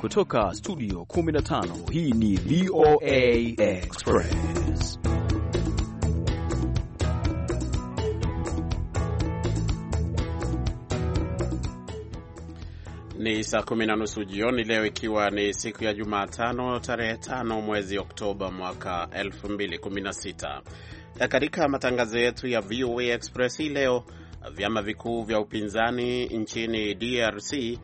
Kutoka studio 15 hii ni VOA Express. Ni saa kumi na nusu jioni leo, ikiwa ni siku ya Jumatano tarehe tano mwezi Oktoba mwaka 2016. Katika matangazo yetu ya VOA Express hii leo, vyama vikuu vya upinzani nchini DRC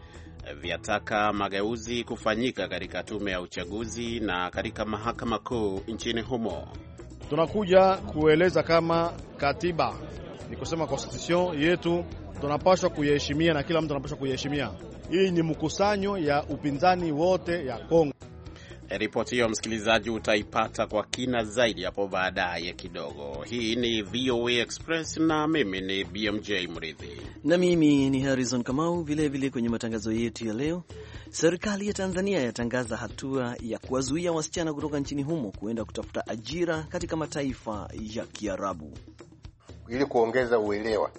vyataka mageuzi kufanyika katika tume ya uchaguzi na katika mahakama kuu nchini humo. Tunakuja kueleza kama katiba ni kusema constitution yetu tunapaswa kuiheshimia na kila mtu anapaswa kuiheshimia. Hii ni mkusanyo ya upinzani wote ya Kongo. Eh, ripoti hiyo msikilizaji, utaipata kwa kina zaidi hapo baadaye kidogo. Hii ni VOA Express na mimi ni BMJ Mridhi na mimi ni Harrison Kamau. Vilevile kwenye matangazo yetu ya leo, serikali ya Tanzania yatangaza hatua ya kuwazuia wasichana kutoka nchini humo kuenda kutafuta ajira katika mataifa ya Kiarabu ili kuongeza uelewa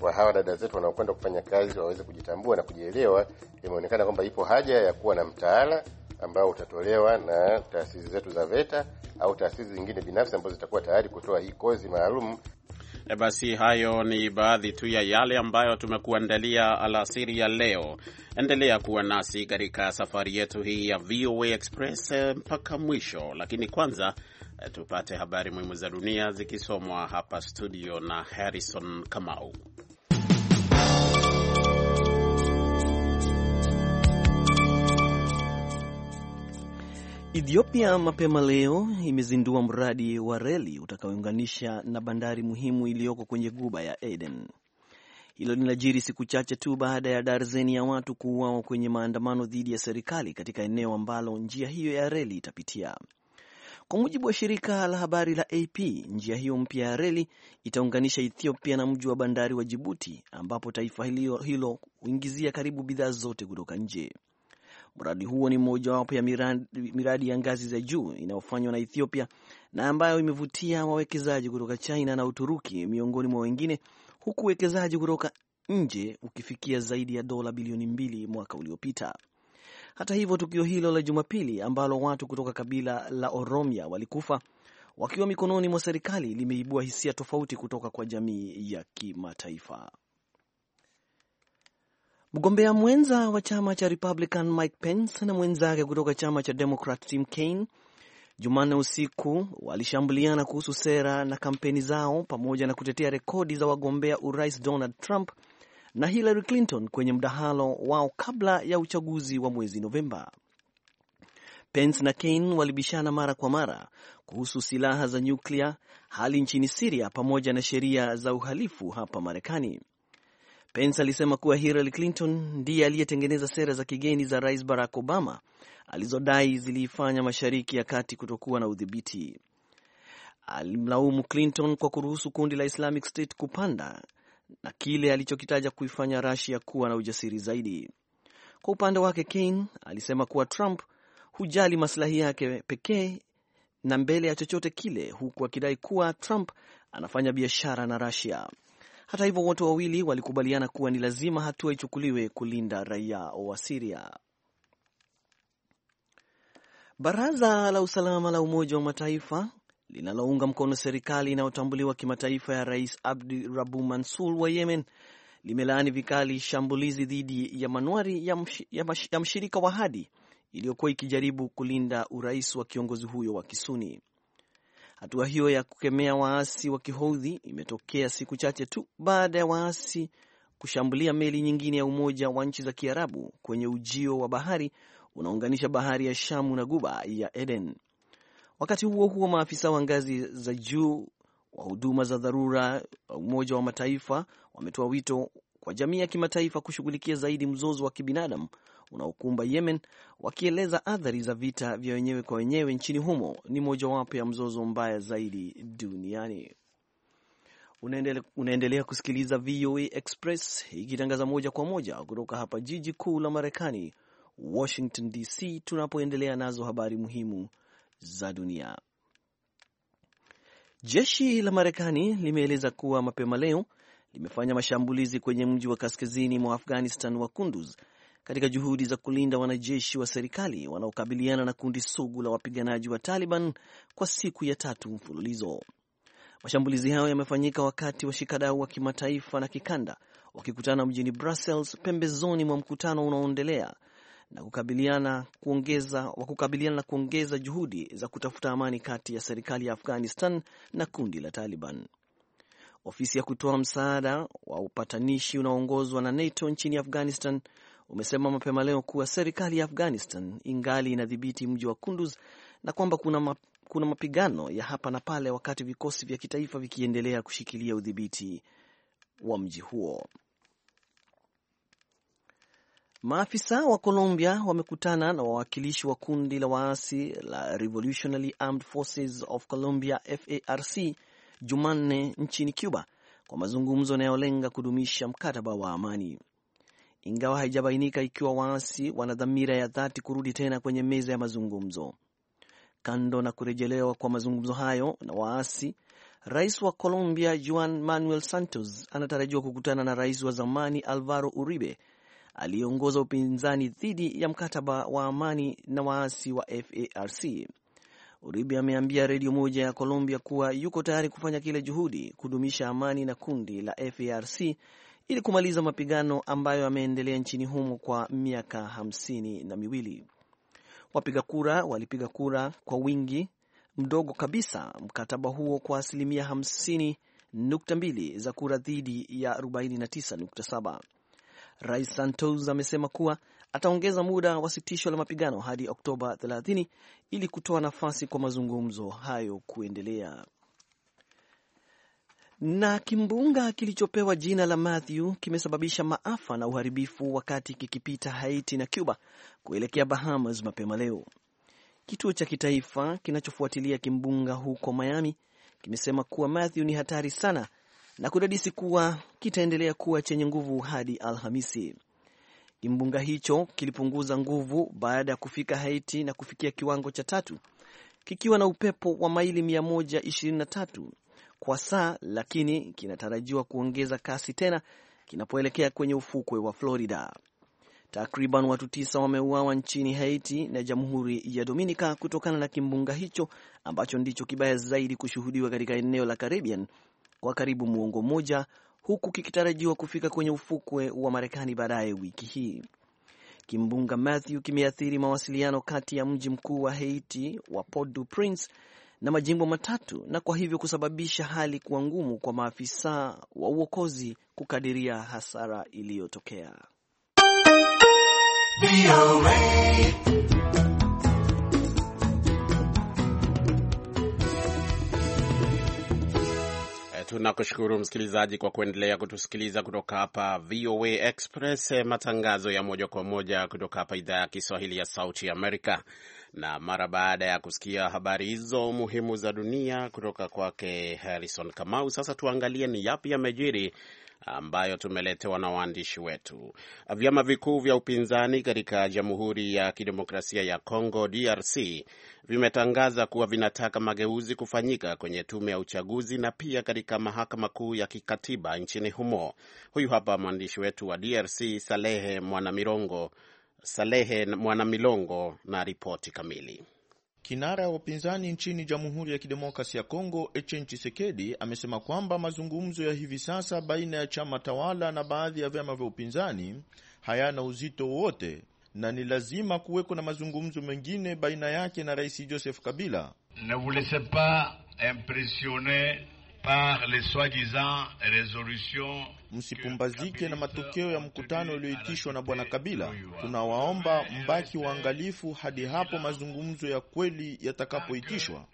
wa hawa dada zetu wanaokwenda kufanya kazi waweze kujitambua na kujielewa. Imeonekana kwamba ipo haja ya kuwa na mtaala ambao utatolewa na taasisi zetu za VETA au taasisi zingine binafsi ambazo zitakuwa tayari kutoa hii kozi maalum. E, basi hayo ni baadhi tu ya yale ambayo tumekuandalia alasiri ya leo. Endelea kuwa nasi katika safari yetu hii ya VOA Express e, mpaka mwisho, lakini kwanza e, tupate habari muhimu za dunia zikisomwa hapa studio na Harrison Kamau. Ethiopia mapema leo imezindua mradi wa reli utakaounganisha na bandari muhimu iliyoko kwenye guba ya Aden. Hilo linajiri siku chache tu baada ya darzeni ya watu kuuawa kwenye maandamano dhidi ya serikali katika eneo ambalo njia hiyo ya reli itapitia. Kwa mujibu wa shirika la habari la AP, njia hiyo mpya ya reli itaunganisha Ethiopia na mji wa bandari wa Jibuti, ambapo taifa hilo huingizia karibu bidhaa zote kutoka nje. Mradi huo ni mmojawapo ya miradi, miradi ya ngazi za juu inayofanywa na Ethiopia na ambayo imevutia wawekezaji kutoka China na Uturuki miongoni mwa wengine, huku uwekezaji kutoka nje ukifikia zaidi ya dola bilioni mbili mwaka uliopita. Hata hivyo, tukio hilo la Jumapili ambalo watu kutoka kabila la Oromia walikufa wakiwa mikononi mwa serikali limeibua hisia tofauti kutoka kwa jamii ya kimataifa. Mgombea mwenza wa chama cha Republican Mike Pence na mwenzake kutoka chama cha Democrat Tim Kaine Jumanne usiku walishambuliana kuhusu sera na kampeni zao pamoja na kutetea rekodi za wagombea urais Donald Trump na Hillary Clinton kwenye mdahalo wao kabla ya uchaguzi wa mwezi Novemba. Pence na Kaine walibishana mara kwa mara kuhusu silaha za nyuklia, hali nchini Siria pamoja na sheria za uhalifu hapa Marekani. Pence alisema kuwa Hillary Clinton ndiye aliyetengeneza sera za kigeni za Rais Barack Obama alizodai ziliifanya Mashariki ya Kati kutokuwa na udhibiti. Alimlaumu Clinton kwa kuruhusu kundi la Islamic State kupanda na kile alichokitaja kuifanya Russia kuwa na ujasiri zaidi. Kwa upande wake, kan alisema kuwa Trump hujali masilahi yake pekee na mbele ya chochote kile, huku akidai kuwa Trump anafanya biashara na Russia. Hata hivyo, wote wawili walikubaliana kuwa ni lazima hatua ichukuliwe kulinda raia wa Siria. Baraza la usalama la Umoja wa Mataifa linalounga mkono serikali inayotambuliwa kimataifa ya Rais Abdi Rabu Mansur wa Yemen limelaani vikali shambulizi dhidi ya manuari ya, msh, ya, msh, ya mshirika wa Hadi iliyokuwa ikijaribu kulinda urais wa kiongozi huyo wa Kisuni. Hatua hiyo ya kukemea waasi wa kihoudhi imetokea siku chache tu baada ya waasi kushambulia meli nyingine ya Umoja wa Nchi za Kiarabu kwenye ujio wa bahari unaounganisha bahari ya Shamu na guba ya Eden. Wakati huo huo, maafisa wa ngazi za juu wa huduma za dharura wa Umoja wa Mataifa wametoa wito kwa jamii ya kimataifa kushughulikia zaidi mzozo wa kibinadamu unaokumba Yemen, wakieleza athari za vita vya wenyewe kwa wenyewe nchini humo ni mojawapo ya mzozo mbaya zaidi duniani. Unaendelea, unaendelea kusikiliza VOA Express ikitangaza moja kwa moja kutoka hapa jiji kuu la Marekani, Washington DC, tunapoendelea nazo habari muhimu za dunia. Jeshi la Marekani limeeleza kuwa mapema leo limefanya mashambulizi kwenye mji wa kaskazini mwa Afghanistan wa Kunduz katika juhudi za kulinda wanajeshi wa serikali wanaokabiliana na kundi sugu la wapiganaji wa Taliban kwa siku ya tatu mfululizo. Mashambulizi hayo yamefanyika wakati washikadau wa kimataifa na kikanda wakikutana mjini Brussels pembezoni mwa mkutano unaoendelea na kukabiliana kuongeza, wa kukabiliana na kuongeza juhudi za kutafuta amani kati ya serikali ya Afghanistan na kundi la Taliban. Ofisi ya kutoa msaada wa upatanishi unaoongozwa na NATO nchini Afghanistan umesema mapema leo kuwa serikali ya Afghanistan ingali inadhibiti mji wa Kunduz na kwamba kuna, ma, kuna mapigano ya hapa na pale wakati vikosi vya kitaifa vikiendelea kushikilia udhibiti wa mji huo. Maafisa wa Colombia wamekutana na wawakilishi wa kundi la waasi la Revolutionary Armed Forces of Colombia FARC Jumanne nchini Cuba kwa mazungumzo yanayolenga kudumisha mkataba wa amani ingawa haijabainika ikiwa waasi wana dhamira ya dhati kurudi tena kwenye meza ya mazungumzo. Kando na kurejelewa kwa mazungumzo hayo na waasi, rais wa Colombia Juan Manuel Santos anatarajiwa kukutana na rais wa zamani Alvaro Uribe aliyeongoza upinzani dhidi ya mkataba wa amani na waasi wa FARC. Uribe ameambia redio moja ya Colombia kuwa yuko tayari kufanya kila juhudi kudumisha amani na kundi la FARC ili kumaliza mapigano ambayo yameendelea nchini humo kwa miaka hamsini na miwili. Wapiga kura walipiga kura kwa wingi mdogo kabisa mkataba huo kwa asilimia hamsini nukta mbili za kura dhidi ya 49.7. Rais Santos amesema kuwa ataongeza muda wa sitisho la mapigano hadi Oktoba 30 ili kutoa nafasi kwa mazungumzo hayo kuendelea. Na kimbunga kilichopewa jina la Matthew kimesababisha maafa na uharibifu wakati kikipita Haiti na Cuba kuelekea Bahamas mapema leo. Kituo cha kitaifa kinachofuatilia kimbunga huko Miami kimesema kuwa Matthew ni hatari sana na kudadisi kuwa kitaendelea kuwa chenye nguvu hadi Alhamisi. Kimbunga hicho kilipunguza nguvu baada ya kufika Haiti na kufikia kiwango cha tatu kikiwa na upepo wa maili 123 kwa saa, lakini kinatarajiwa kuongeza kasi tena kinapoelekea kwenye ufukwe wa Florida. Takriban watu tisa wameuawa nchini Haiti na Jamhuri ya Dominica kutokana na kimbunga hicho ambacho ndicho kibaya zaidi kushuhudiwa katika eneo la Caribbean kwa karibu muongo mmoja, huku kikitarajiwa kufika kwenye ufukwe wa Marekani baadaye wiki hii. Kimbunga Matthew kimeathiri mawasiliano kati ya mji mkuu wa Haiti wa Port-au-Prince na majimbo matatu na kwa hivyo kusababisha hali kuwa ngumu kwa maafisa wa uokozi kukadiria hasara iliyotokea. Eh, tunakushukuru msikilizaji kwa kuendelea kutusikiliza kutoka hapa VOA Express, eh, matangazo ya moja kwa moja kutoka hapa idhaa ya Kiswahili ya Sauti ya Amerika. Na mara baada ya kusikia habari hizo muhimu za dunia kutoka kwake Harrison Kamau, sasa tuangalie ni yapi yamejiri ambayo tumeletewa na waandishi wetu. Vyama vikuu vya upinzani katika Jamhuri ya Kidemokrasia ya congo DRC, vimetangaza kuwa vinataka mageuzi kufanyika kwenye tume ya uchaguzi na pia katika mahakama kuu ya kikatiba nchini humo. Huyu hapa mwandishi wetu wa DRC, Salehe Mwanamirongo, Salehe Mwanamilongo na ripoti kamili. Kinara wa upinzani nchini Jamhuri ya Kidemokrasi ya Kongo Etienne Tshisekedi amesema kwamba mazungumzo ya hivi sasa baina ya chama tawala na baadhi ya vyama vya upinzani hayana uzito wowote na ni lazima kuweko na mazungumzo mengine baina yake na Rais Joseph Kabila. ne vous laissez pas impressionner Msipumbazike na matokeo ya mkutano ulioitishwa na Bwana Kabila. Tunawaomba mbaki waangalifu hadi hapo mazungumzo ya kweli yatakapoitishwa.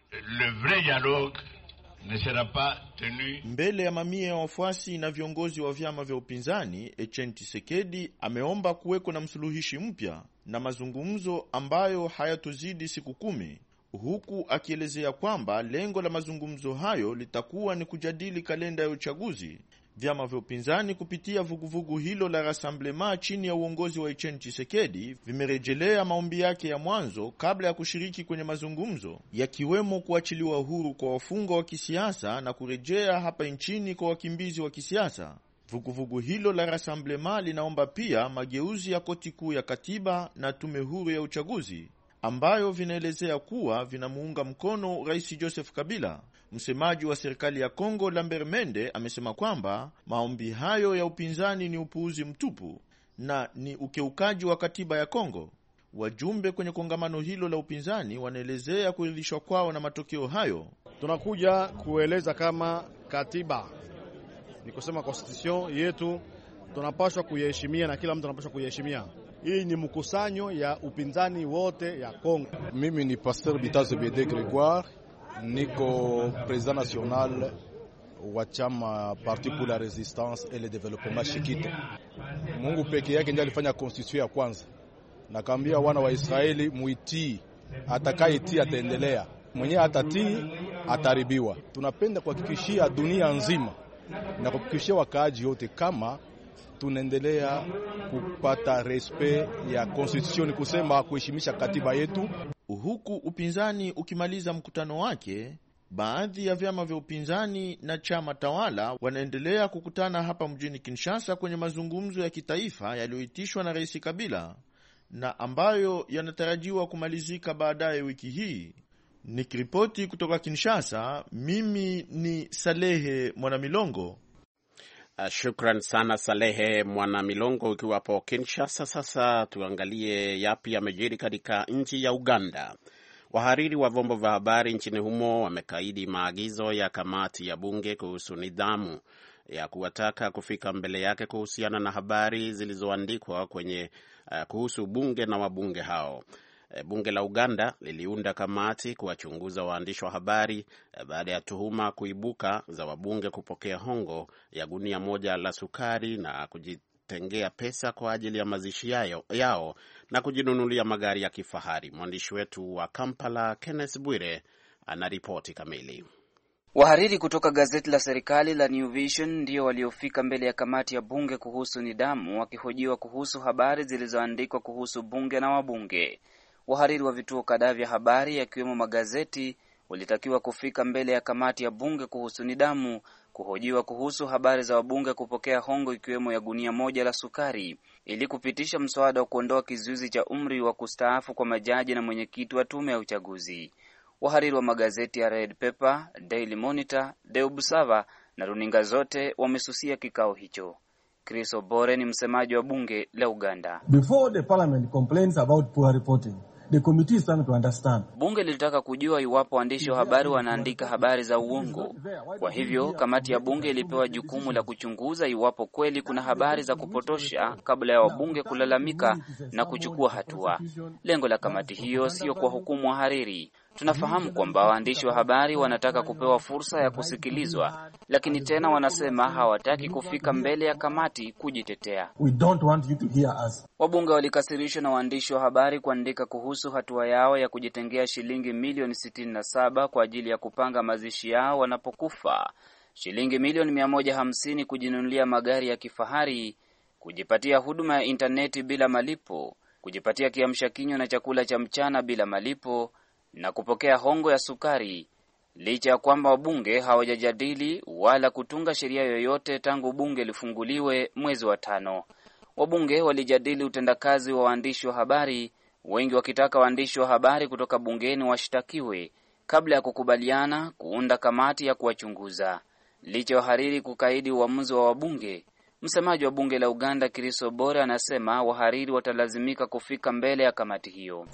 Mbele ya mamia ya wafuasi na viongozi wa vyama vya upinzani, echen chisekedi ameomba kuweko na msuluhishi mpya na mazungumzo ambayo hayatuzidi siku kumi huku akielezea kwamba lengo la mazungumzo hayo litakuwa ni kujadili kalenda ya uchaguzi. Vyama vya upinzani kupitia vuguvugu vugu hilo la Rassemblement chini ya uongozi wa Etienne Tshisekedi vimerejelea maombi yake ya mwanzo kabla ya kushiriki kwenye mazungumzo, yakiwemo kuachiliwa huru kwa wafungwa wa kisiasa na kurejea hapa nchini kwa wakimbizi wa kisiasa. Vuguvugu hilo la Rassemblement linaomba pia mageuzi ya koti kuu ya katiba na tume huru ya uchaguzi ambayo vinaelezea kuwa vinamuunga mkono Rais Joseph Kabila. Msemaji wa serikali ya Kongo Lambert Mende amesema kwamba maombi hayo ya upinzani ni upuuzi mtupu na ni ukiukaji wa katiba ya Kongo. Wajumbe kwenye kongamano hilo la upinzani wanaelezea kuridhishwa kwao na matokeo hayo. Tunakuja kueleza kama katiba, ni kusema constitution yetu tunapashwa kuiheshimia na kila mtu anapashwa kuiheshimia. Hii ni mkusanyo ya upinzani wote ya Kongo. Mimi ni Pasteur Bitazo Bede Gregoire, niko president national wa chama Parti pour la Resistance et le Developpement Shikita. Mungu peke yake ndiye alifanya constitution ya kwanza, nakaambia wana wa Israeli muitii, atakayetii ataendelea, mwenyewe atatii ataribiwa Tunapenda kuhakikishia dunia nzima na kuhakikishia wakaaji wote kama tunaendelea kupata respect ya constitution, kusema kuheshimisha katiba yetu. Huku upinzani ukimaliza mkutano wake, baadhi ya vyama vya upinzani na chama tawala wanaendelea kukutana hapa mjini Kinshasa kwenye mazungumzo ya kitaifa yaliyoitishwa na Rais Kabila na ambayo yanatarajiwa kumalizika baadaye wiki hii. Nikiripoti kutoka Kinshasa, mimi ni Salehe Mwanamilongo. Uh, shukran sana Salehe mwana milongo ukiwapo Kinshasa. Sasa tuangalie yapi yamejiri katika nchi ya Uganda. Wahariri wa vyombo vya habari nchini humo wamekaidi maagizo ya kamati ya bunge kuhusu nidhamu ya kuwataka kufika mbele yake kuhusiana na habari zilizoandikwa kwenye uh, kuhusu bunge na wabunge hao. Eh, bunge la Uganda liliunda kamati kuwachunguza waandishi wa habari eh, baada ya tuhuma kuibuka za wabunge kupokea hongo ya gunia moja la sukari na kujitengea pesa kwa ajili ya mazishi yao, yao na kujinunulia magari ya kifahari. Mwandishi wetu wa Kampala Kenneth Bwire anaripoti kamili. Wahariri kutoka gazeti la serikali la New Vision ndio waliofika mbele ya kamati ya bunge kuhusu nidhamu, wakihojiwa kuhusu habari zilizoandikwa kuhusu bunge na wabunge wahariri wa vituo kadhaa vya habari yakiwemo magazeti walitakiwa kufika mbele ya kamati ya bunge kuhusu nidhamu kuhojiwa kuhusu habari za wabunge kupokea hongo ikiwemo ya gunia moja la sukari ili kupitisha mswada wa kuondoa kizuizi cha umri wa kustaafu kwa majaji na mwenyekiti wa tume ya uchaguzi. Wahariri wa magazeti ya Red Pepper, Daily Monitor, The Observer na runinga zote wamesusia kikao hicho. Chris Obore ni msemaji wa bunge la Uganda. Before the parliament complains about poor reporting The committee is trying to understand. Bunge lilitaka kujua iwapo waandishi wa habari wanaandika habari za uongo. Kwa hivyo kamati ya bunge ilipewa jukumu la kuchunguza iwapo kweli kuna habari za kupotosha kabla ya wabunge kulalamika na kuchukua hatua. Lengo la kamati hiyo sio kuwahukumu wahariri, Tunafahamu kwamba waandishi wa habari wanataka kupewa fursa ya kusikilizwa, lakini tena wanasema hawataki kufika mbele ya kamati kujitetea. Wabunge walikasirishwa na waandishi wa habari kuandika kuhusu hatua yao ya kujitengea shilingi milioni 67 kwa ajili ya kupanga mazishi yao wanapokufa, shilingi milioni 150 kujinunulia magari ya kifahari, kujipatia huduma ya intaneti bila malipo, kujipatia kiamsha kinywa na chakula cha mchana bila malipo na kupokea hongo ya sukari, licha ya kwamba wabunge hawajajadili wala kutunga sheria yoyote tangu bunge lifunguliwe mwezi wa tano. Wabunge walijadili utendakazi wa waandishi wa habari, wengi wakitaka waandishi wa habari kutoka bungeni washtakiwe kabla ya kukubaliana kuunda kamati ya kuwachunguza. Licha ya wahariri kukaidi uamuzi wa wabunge, Msemaji wa bunge la Uganda Kiriso Bore anasema wahariri watalazimika kufika mbele ya kamati hiyo.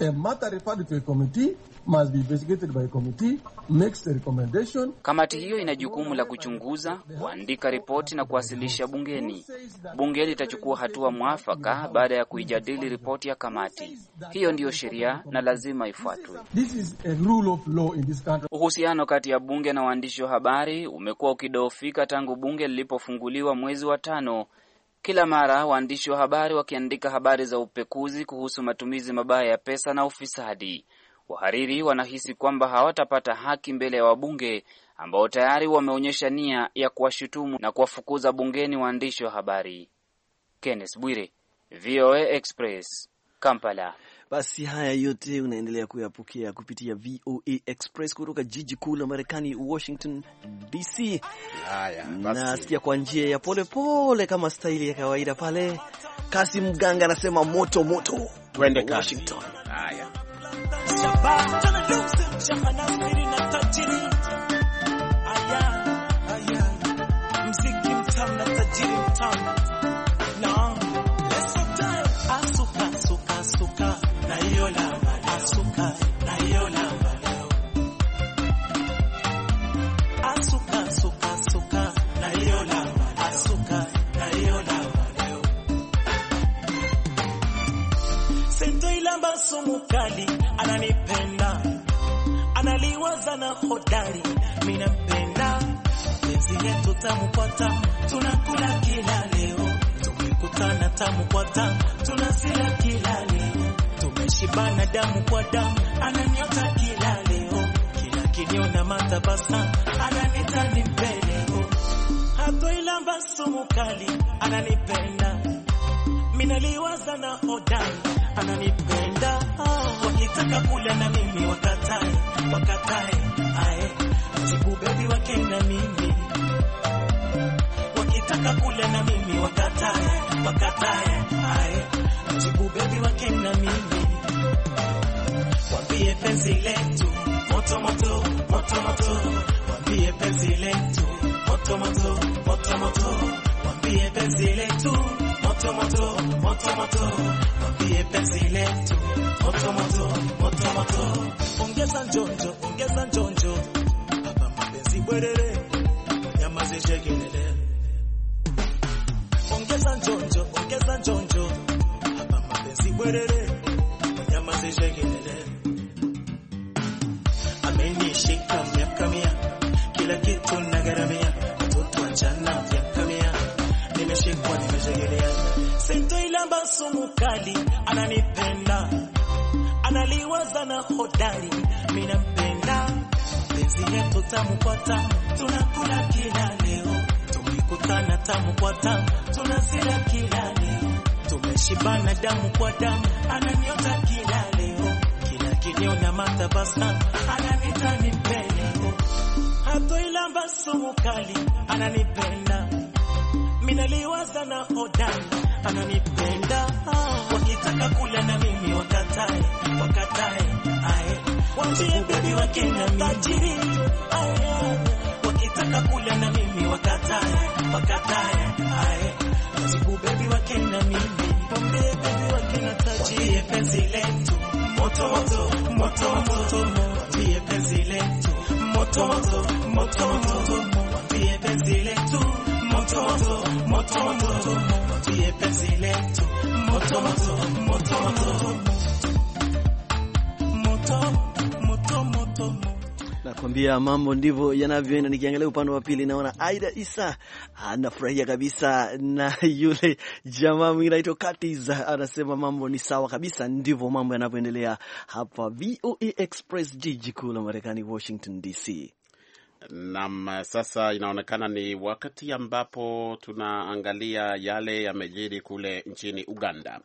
Kamati hiyo ina jukumu la kuchunguza, kuandika ripoti na kuwasilisha bungeni. Bunge litachukua hatua mwafaka baada ya kuijadili ripoti ya kamati hiyo. Ndiyo sheria na lazima ifuatwe. Uhusiano kati ya bunge na waandishi wa habari umekuwa ukidoofika tangu bunge lilipofunguliwa mwezi wa tano kila mara waandishi wa habari wakiandika habari za upekuzi kuhusu matumizi mabaya ya pesa na ufisadi. Wahariri wanahisi kwamba hawatapata haki mbele ya wabunge ambao tayari wameonyesha nia ya kuwashutumu na kuwafukuza bungeni waandishi wa habari. Kenneth Bwire, VOA Express, Kampala. Basi haya yote unaendelea kuyapokea kupitia VOA Express kutoka jiji kuu la Marekani, Washington DC. Nasikia kwa njia ya polepole kama staili ya kawaida pale. Kasi Mganga anasema moto moto, twende Washington. Haya. sana hodari, mimi mpenda penzi yetu tamu kwa tamu, tunakula kila leo, tumekutana tamu kwa tamu, tunasila kila leo, tumeshibana damu kwa damu, ananiota kila leo, kila kiniona matabasa ananita ni hatoilamba sumu kali ananipenda minaliwaza na oda ananipenda wakitaka oh, kula na mimi wakatae, wakatae ae tibu bebi wake na mimi wakitaka kula na mimi wakatae, wakatae ae tibu bebi wake na mimi wambie penzi letu moto moto moto moto wambie penzi letu moto moto moto moto wambie penzi letu moto moto moto moto, mwambie penzi letu moto moto moto moto ongeza njonjo ongeza njonjo baba mapenzi bwerere nyamazishe kelele ongeza njonjo ongeza njonjo baba mapenzi bwerere nyamazishe kelele amenishika miaka mia kila kitu kali, ananipenda, analiwaza na hodari, minampenda penzi yetu tamu kwa tamu, tunakula kila leo, tumekutana tamu kwa tamu, tunazila kila leo, tumeshibana damu kwa damu, ananiota kila leo, kila kilio na matabasamu, ananita hatoilamba sumu kali, ananipenda minaliwaza na odai ananipenda wakitaka kula na mimi wakatae, wakatae ae tajiri wakitaka kula na mimi wakatae, wakatae ae mimi tajiri penzi letu moto moto moto moto Nakwambia mambo ndivyo yanavyoenda. Nikiangalia upande wa pili, naona Aida Isa anafurahia kabisa, na yule jamaa mwingine anaitwa Katis anasema mambo ni sawa kabisa. Ndivyo mambo yanavyoendelea hapa VOA Express, jiji kuu la Marekani, Washington DC. Naam, sasa inaonekana ni wakati ambapo tunaangalia yale yamejiri kule nchini Uganda.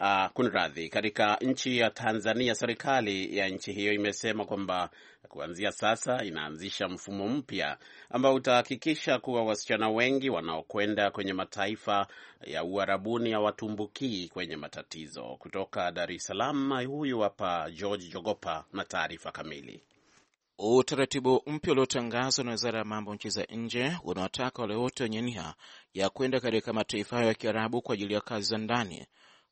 Uh, kunradhi, katika nchi ya Tanzania, serikali ya nchi hiyo imesema kwamba kuanzia sasa inaanzisha mfumo mpya ambao utahakikisha kuwa wasichana wengi wanaokwenda kwenye mataifa ya Uarabuni hawatumbukii kwenye matatizo. Kutoka Dar es Salaam, huyu hapa George Jogopa na taarifa kamili. Utaratibu mpya uliotangazwa na wizara ya mambo nchi za nje unawataka wale wote wenye nia ya kwenda katika mataifa hayo ya Kiarabu kwa ajili ya kazi za ndani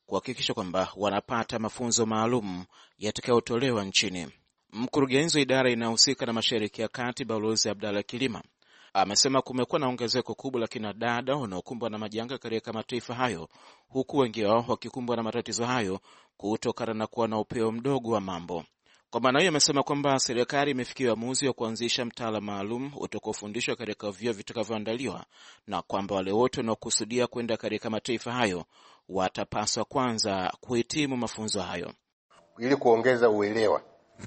kuhakikisha kwamba wanapata mafunzo maalum yatakayotolewa nchini. Mkurugenzi wa idara inayohusika na Mashariki ya Kati Balozi Abdalla Kilima amesema kumekuwa na ongezeko kubwa la kinadada wanaokumbwa na majanga katika mataifa hayo, huku wengi wao wakikumbwa na matatizo hayo kutokana na kuwa na upeo mdogo wa mambo. Kwa maana hiyo, amesema kwamba serikali imefikia uamuzi wa kuanzisha mtaala maalum utakaofundishwa katika vyuo vitakavyoandaliwa na kwamba wale wote wanaokusudia kwenda katika mataifa hayo watapaswa kwanza kuhitimu mafunzo hayo ili kuongeza uelewa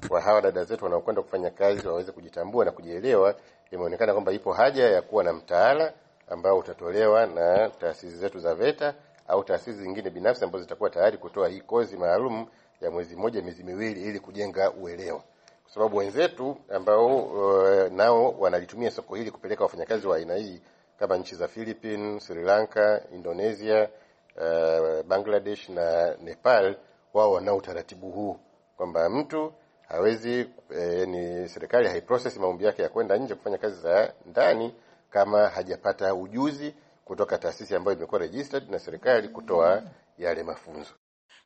wa hawa dada zetu wanaokwenda kufanya kazi waweze kujitambua na kujielewa. Imeonekana kwamba ipo haja ya kuwa na mtaala ambao utatolewa na taasisi zetu za VETA au taasisi zingine binafsi ambazo zitakuwa tayari kutoa hii kozi maalum ya mwezi mmoja, miezi miwili, ili kujenga uelewa, kwa sababu wenzetu ambao uh, nao wanalitumia soko hili kupeleka wafanyakazi wa aina hii kama nchi za Philippines, Sri Lanka, Indonesia, uh, Bangladesh na Nepal, wao wana utaratibu huu kwamba mtu hawezi eh, ni serikali haiprocess maombi yake ya kwenda nje kufanya kazi za ndani kama hajapata ujuzi kutoka taasisi ambayo imekuwa registered na serikali kutoa yale mafunzo.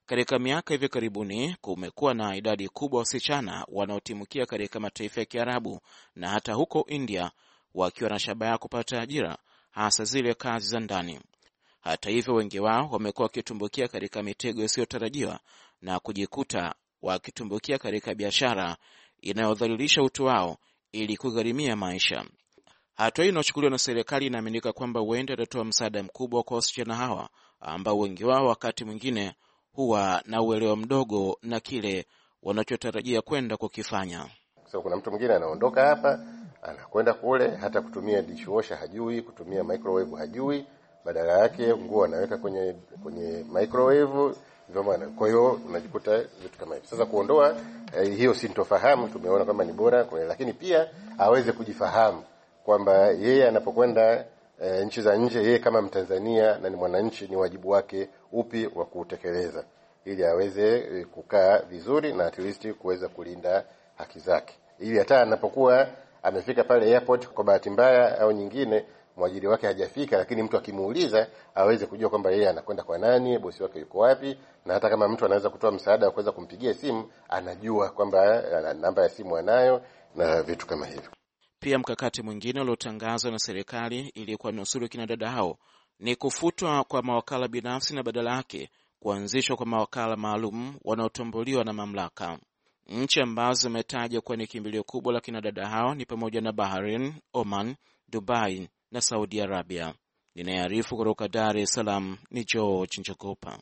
Katika miaka hivi karibuni kumekuwa na idadi kubwa wasichana wanaotimukia katika mataifa ya Kiarabu na hata huko India, wakiwa na shabaha ya kupata ajira, hasa zile kazi za ndani. Hata hivyo, wengi wao wamekuwa wakitumbukia katika mitego isiyotarajiwa na kujikuta wakitumbukia katika biashara inayodhalilisha utu wao ili kugharimia maisha. Hatua hii inayochukuliwa na serikali inaaminika kwamba huenda itatoa msaada mkubwa kwa wasichana hawa ambao wengi wao wakati mwingine huwa na uelewa mdogo na kile wanachotarajia kwenda kukifanya. So, kuna mtu mwingine anaondoka hapa anakwenda kule, hata kutumia dishwasha hajui, kutumia microwave hajui, badala yake nguo anaweka kwenye kwenye microwave. Kwa hiyo unajikuta vitu kama hivi. Sasa kuondoa eh, hiyo sintofahamu tumeona kwamba ni bora, lakini pia aweze kujifahamu kwamba yeye anapokwenda e, nchi za nje, yeye kama Mtanzania na ni mwananchi, ni wajibu wake upi wa kuutekeleza ili aweze e, kukaa vizuri na at least kuweza kulinda haki zake, ili hata anapokuwa amefika pale airport kwa bahati mbaya au nyingine mwajiri wake hajafika, lakini mtu akimuuliza aweze kujua kwamba yeye anakwenda kwa nani, bosi wake yuko wapi, na hata kama mtu anaweza kutoa msaada wa kuweza kumpigia simu, anajua kwamba e, namba ya simu anayo na vitu kama hivyo. Pia mkakati mwingine uliotangazwa na serikali ili kuwanusuru kina dada hao ni kufutwa kwa mawakala binafsi na badala yake kuanzishwa kwa mawakala maalum wanaotambuliwa na mamlaka. Nchi ambazo zimetajwa kuwa ni kimbilio kubwa la kina dada hao ni pamoja na Bahrain, Oman, Dubai na Saudi Arabia. Ninayearifu kutoka Dar es Salaam ni George Njogopa.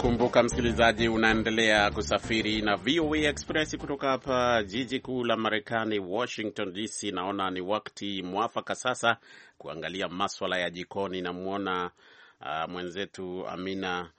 Kumbuka msikilizaji, unaendelea kusafiri na VOA Express kutoka hapa jiji kuu la Marekani, Washington DC. Naona ni wakati mwafaka sasa kuangalia maswala ya jikoni. Namwona uh, mwenzetu Amina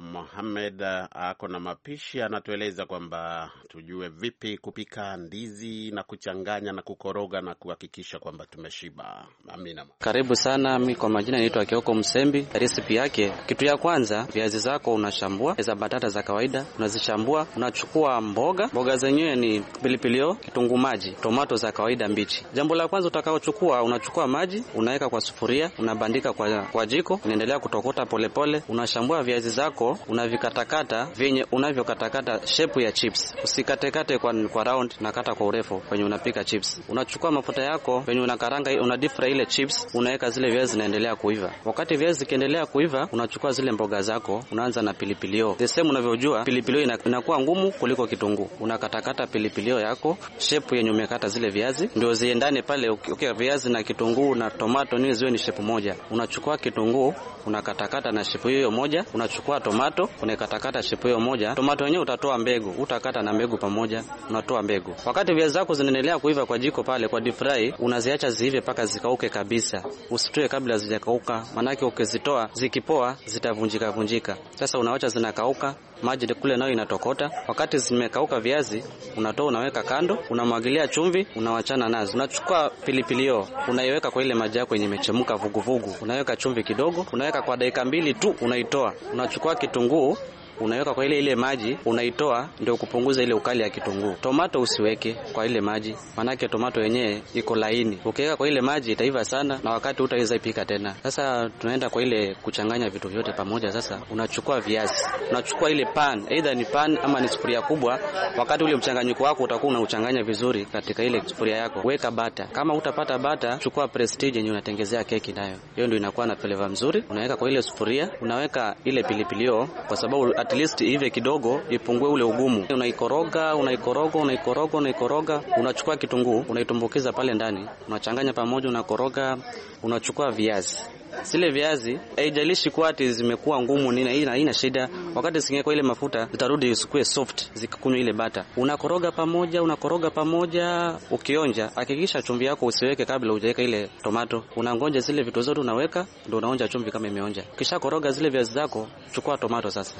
Mohamed uh, ako na mapishi, anatueleza kwamba tujue vipi kupika ndizi na kuchanganya na kukoroga na kuhakikisha kwamba tumeshiba. Amina, karibu sana. Mi kwa majina naitwa Kioko Msembi. Resipi yake, kitu ya kwanza, viazi zako unashambua, za batata za kawaida unazishambua, unachukua mboga, mboga zenyewe ni pilipilio, kitunguu maji, tomato za kawaida mbichi. Jambo la kwanza utakaochukua, unachukua maji unaweka kwa sufuria, unabandika kwa, kwa jiko, unaendelea kutokota polepole, unashambua viazi zako vyako unavikatakata venye unavyokatakata shepu ya chips, usikatekate kwa, kwa round na kata kwa urefu kwenye unapika chips. Unachukua mafuta yako venye unakaranga, una deep fry ile chips, unaweka zile viazi zinaendelea kuiva. Wakati viazi zikiendelea kuiva, unachukua zile mboga zako, unaanza na pilipilio the same unavyojua pilipilio inakuwa ngumu kuliko kitunguu, unakatakata pilipilio yako shepu yenye umekata zile viazi ndio ziendane pale. Okay, viazi na kitunguu na tomato ni ziwe ni shepu moja, unachukua kitunguu unakatakata na shepu hiyo moja, unachukua tomato, unaikatakata shepu hiyo moja. Tomato yenyewe utatoa mbegu, utakata na mbegu pamoja, unatoa mbegu. Wakati viazi zako zinaendelea kuiva kwa jiko pale kwa deep fry, unaziacha ziive mpaka zikauke kabisa, usitoe kabla zijakauka, manake ukizitoa zikipoa zitavunjika vunjika. Sasa unawacha zinakauka maji kule nayo inatokota. Wakati zimekauka viazi, unatoa unaweka kando, unamwagilia chumvi, unawachana nazo. Unachukua pilipili hoho unaiweka kwa ile maji yako yenye imechemka vuguvugu, unaweka chumvi kidogo, unaweka kwa dakika mbili tu, unaitoa. Unachukua kitunguu unaweka kwa ile ile maji unaitoa, ndio kupunguza ile ukali ya kitunguu. Tomato usiweke kwa ile maji, manake tomato yenyewe iko laini, ukiweka kwa ile maji itaiva sana, na wakati utaweza ipika tena. Sasa tunaenda kwa ile kuchanganya vitu vyote pamoja. Sasa unachukua viazi, unachukua ile pan, either ni pan ama ni sufuria kubwa. Wakati ule mchanganyiko wako utakuwa unauchanganya vizuri katika ile sufuria yako, weka bata. Kama utapata bata, chukua prestige yenye unatengezea keki, nayo hiyo ndio inakuwa na flavor mzuri. Unaweka kwa ile sufuria, unaweka ile pilipilio kwa sababu at least ive kidogo, ipungue ule ugumu. Unaikoroga, unaikoroga, unaikoroga, unaikoroga, unachukua kitunguu unaitumbukiza pale ndani, unachanganya pamoja, unakoroga, unachukua viazi zile viazi haijalishi kuwa ati zimekuwa ngumu nina hii haina shida. Wakati zingekuwa ile mafuta zitarudi zikuwe soft, zikakunywa ile bata. Unakoroga pamoja, unakoroga pamoja, ukionja hakikisha chumvi yako usiweke kabla hujaweka ile tomato. Unangonja zile vitu zote unaweka, ndio unaonja chumvi kama imeonja. Kisha koroga zile viazi zako, chukua tomato sasa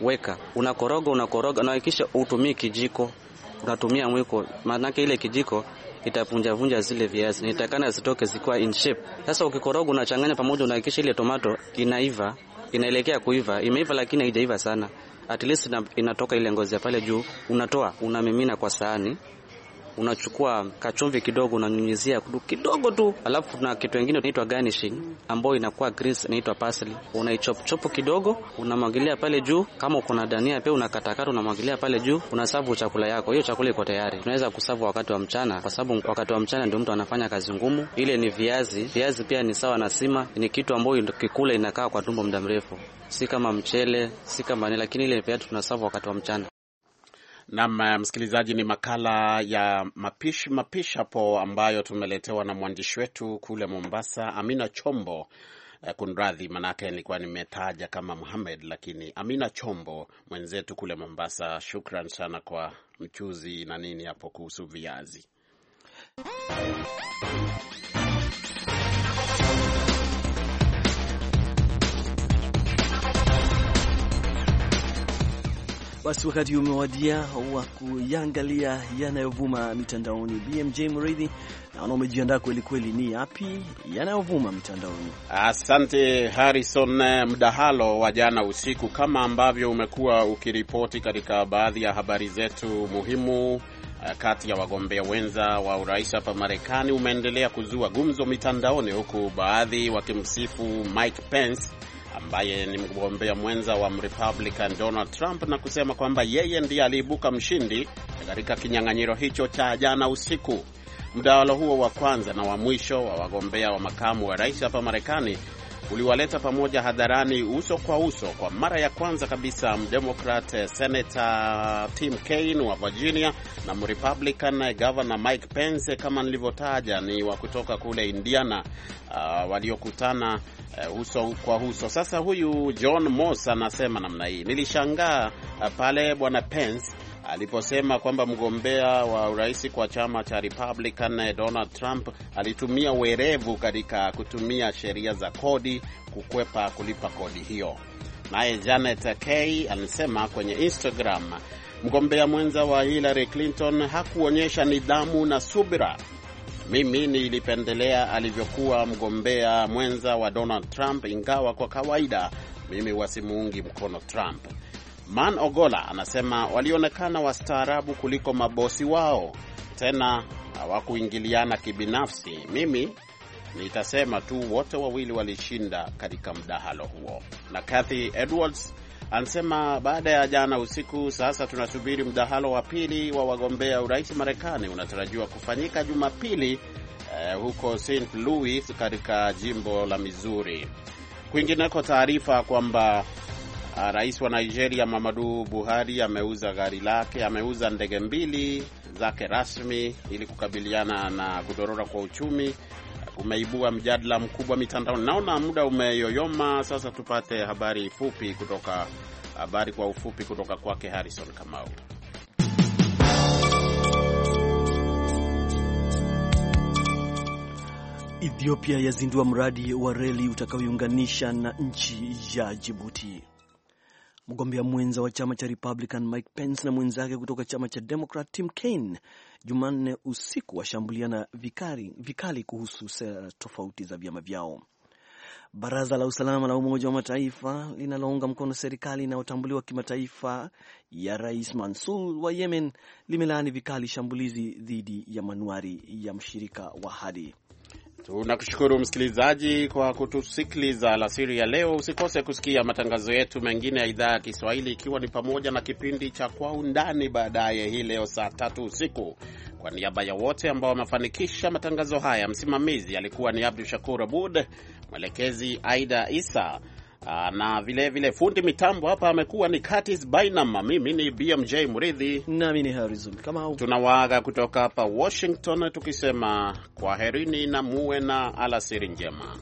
weka, unakoroga unakoroga, hakikisha utumii kijiko, unatumia mwiko, maanake ile kijiko itavunjavunja zile viazi, itakana zitoke zikiwa in shape. Sasa ukikoroga, unachanganya pamoja, unahakikisha ile tomato inaiva, inaelekea kuiva, imeiva lakini haijaiva sana, at least inatoka ile ngozi ya pale juu, unatoa unamimina kwa sahani unachukua kachumvi kidogo, unanyunyizia kidogo tu, alafu kuna kitu kingine inaitwa garnishing ambayo inakuwa grease, inaitwa parsley. unaichop Unaichopchop kidogo, unamwagilia pale juu. Kama uko na dania pia unakatakata, unamwagilia pale juu, unasavu chakula yako. Hiyo chakula iko tayari. Tunaweza kusavu wakati wa mchana, kwa sababu wakati wa mchana ndio mtu anafanya kazi ngumu. Ile ni viazi. Viazi pia ni sawa na sima, ni kitu ambayo kikula inakaa kwa tumbo muda mrefu, si kama mchele, si kama nini, lakini ile pia tunasavu wakati wa mchana. Nam eh, msikilizaji, ni makala ya mapishi mapishi hapo ambayo tumeletewa na mwandishi wetu kule Mombasa, Amina Chombo. Eh, kunradhi, manake nilikuwa nimetaja kama Muhamed, lakini Amina Chombo mwenzetu kule Mombasa. Shukran sana kwa mchuzi na nini hapo kuhusu viazi Basi wakati umewadia wa kuyangalia yanayovuma mitandaoni. BMJ Mridhi, naona umejiandaa kweli kweli, ni yapi yanayovuma mitandaoni? Asante Harrison. Eh, mdahalo wa jana usiku, kama ambavyo umekuwa ukiripoti katika baadhi ya habari zetu muhimu, eh, kati ya wagombea wenza wa urais hapa Marekani, umeendelea kuzua gumzo mitandaoni, huku baadhi wakimsifu Mike Pence ambaye ni mgombea mwenza wa Mrepublican Donald Trump na kusema kwamba yeye ndiye aliibuka mshindi katika kinyang'anyiro hicho cha jana usiku. Mdahalo huo wa kwanza na wa mwisho wa wagombea wa makamu wa rais hapa Marekani uliwaleta pamoja hadharani uso kwa uso kwa mara ya kwanza kabisa mdemokrat eh, Senator Tim Kaine wa Virginia na mrepublican eh, Governor Mike Pence eh, kama nilivyotaja ni wa kutoka kule Indiana, uh, waliokutana uh, uso kwa uso. Sasa huyu John Moss anasema namna hii, nilishangaa uh, pale bwana Pence aliposema kwamba mgombea wa urais kwa chama cha Republican Donald Trump alitumia werevu katika kutumia sheria za kodi kukwepa kulipa kodi hiyo. Naye Janet k alisema kwenye Instagram, mgombea mwenza wa Hillary Clinton hakuonyesha nidhamu na subira. Mimi nilipendelea alivyokuwa mgombea mwenza wa Donald Trump, ingawa kwa kawaida mimi wasimuungi mkono Trump. Man Ogola anasema walionekana wastaarabu kuliko mabosi wao, tena hawakuingiliana kibinafsi. Mimi nitasema tu wote wawili walishinda katika mdahalo huo. Na Kathy Edwards anasema baada ya jana usiku, sasa tunasubiri mdahalo wa pili wa wagombea urais Marekani, unatarajiwa kufanyika Jumapili eh, huko St. Louis katika jimbo la Missouri. Kwingineko, taarifa kwamba Ah, rais wa Nigeria Muhammadu Buhari ameuza gari lake, ameuza ndege mbili zake rasmi ili kukabiliana na kudorora kwa uchumi. Umeibua mjadala mkubwa mitandaoni. Naona muda umeyoyoma, sasa tupate habari fupi kutoka, habari kwa ufupi kutoka kwake Harrison Kamau. Ethiopia yazindua mradi wa reli utakaoiunganisha na nchi ya Jibuti mgombea mwenza wa chama cha Republican Mike Pence na mwenzake kutoka chama cha Democrat Tim Kaine Jumanne usiku washambuliana vikali, vikali kuhusu sera tofauti za vyama vyao. Baraza la usalama la Umoja wa Mataifa linalounga mkono serikali inayotambuliwa kimataifa ya Rais Mansur wa Yemen limelaani vikali shambulizi dhidi ya manuari ya mshirika wa Hadi. Tunakushukuru msikilizaji kwa kutusikiliza alasiri ya leo. Usikose kusikia matangazo yetu mengine ya idhaa ya Kiswahili, ikiwa ni pamoja na kipindi cha Kwa Undani baadaye hii leo saa tatu usiku. Kwa niaba ya wote ambao wamefanikisha matangazo haya, msimamizi alikuwa ni Abdu Shakur Abud, mwelekezi Aida Isa. Ah, na vile vile fundi mitambo hapa amekuwa ni Curtis Bynum. Mimi ni BMJ Muridhi nami ni Harrison kama tunawaaga kutoka hapa Washington tukisema kwaherini na muwe na alasiri njema.